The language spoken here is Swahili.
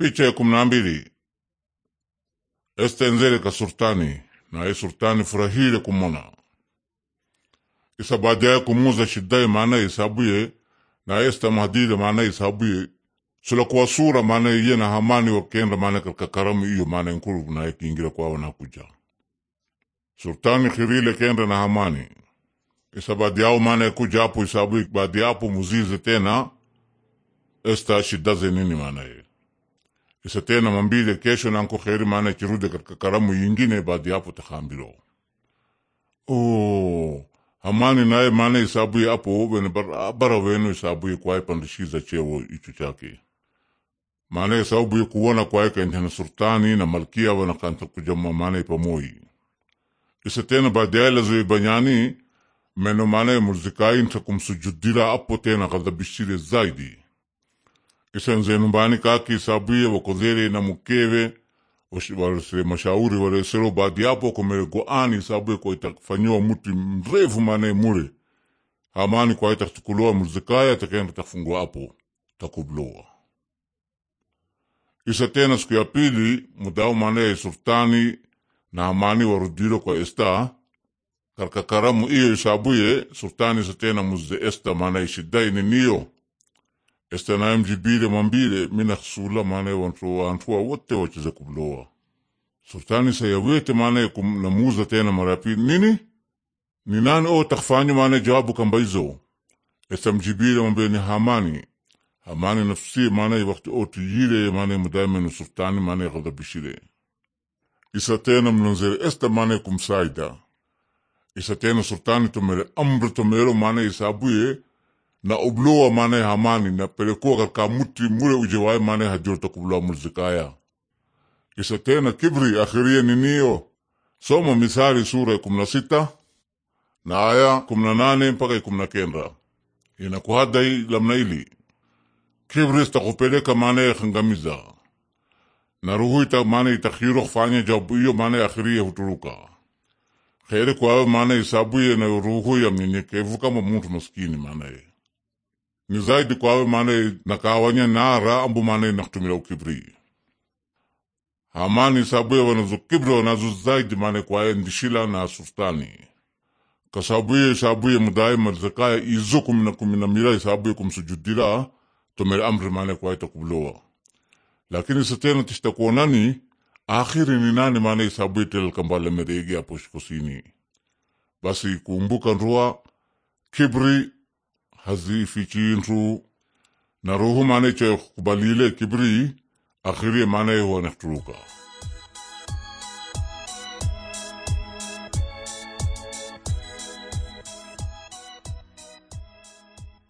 Picha ya kumi na mbili Esta enzeleka surtani naye sultani furahile kumona isa isabadiaye kumuza shiddaye maana isabuye na esta mahadile maana isabuye sula kuwa sura maana iye na hamani wakenda maana katika karamu iyo maana nkuru naye kiingira kwawa kuja sultani khirile kenda na hamani isa isabadiao maana yakuja apo isabuye badiapo muzize tena esta shidaze nini maana ye Kisa tena mwambile kesho nanko kheri, maana chirude katika karamu yingine baada yapo takhambilo oh, hamani naye maana isabuye apo ubene barabara wenu isabu ya kwae pandishiza chewo ichu chake maana isabuye kuwona kwaye kaintana sultani na malkia wana kanta kujama maana ipamoyi isa tena ya lazoi ibanyani meno maana murzikai ntakumsujudira apo tena ghadhabishire zaidi isenze numbani kaki isabuye wakozere na mukebe waresere mashauri waresero baadi yapo goani ani kwa kwaitafanyiwa muti mrefu mane mure hamani kwaitakuloa muzikaya takenda takfungua apo takubloa isa tena siku ya pili mudao mane sultani na hamani warudiro kwa esta karkakaramu iyo isabuye sultani isa tena muze esta mane shidaini niniyo Esta mjibile mwambile mina khsula maanaye wantua wote wacheze kumloa sultani sayawete maanaye kumnamuza tena mara ya pili nini ni nani o takfanyo maanaye jawabu kamba hizo esta mjibile mwambile ni hamani hamani nafsi maanaye wakti otuyile maanaye mudameno sultani maanaye ghadhabishile isa tena mnonzere esta maanaye kumsaida isa tena sultani tomere amri tomero maanaye isabuye na ubloa mane hamani na pelekuwa katika muti mure ujewae mane hajurta kubloa mulzikaya isa tena kibri akhiria niniyo soma misali sura ya kumi na sita na aya kumi na nane mpaka kumi na kenda inakuhadai lamna ili kibri istakupeleka manae khangamiza na ruhu ita mane itakhiro kufanya jabu iyo manae akhiria huturuka kheri kwawe manae isabuye na ruhu ya yamnyenyekevu kama muntu maskini manae ni zaidi kwawe manaye nakawanya nara ambu manaye nakutumila ukibri hamani sabuye wanazu kibri wanazu zaidi manaye kwaye ndishila na sultani kasabuye sabuye mudaye marzakaya izo kumi na kumi na mila sabuye kumsujudila tomele amri manaye kwaye takubulowa lakini satena tishtakuonani akhiri ni nani manaye sabuye kambale meregi aposhikosini basi kumbuka nrua kibri حسیف چین رو ن روح مانے چبلیلے چبری اخری مانے وہ نٹرو کا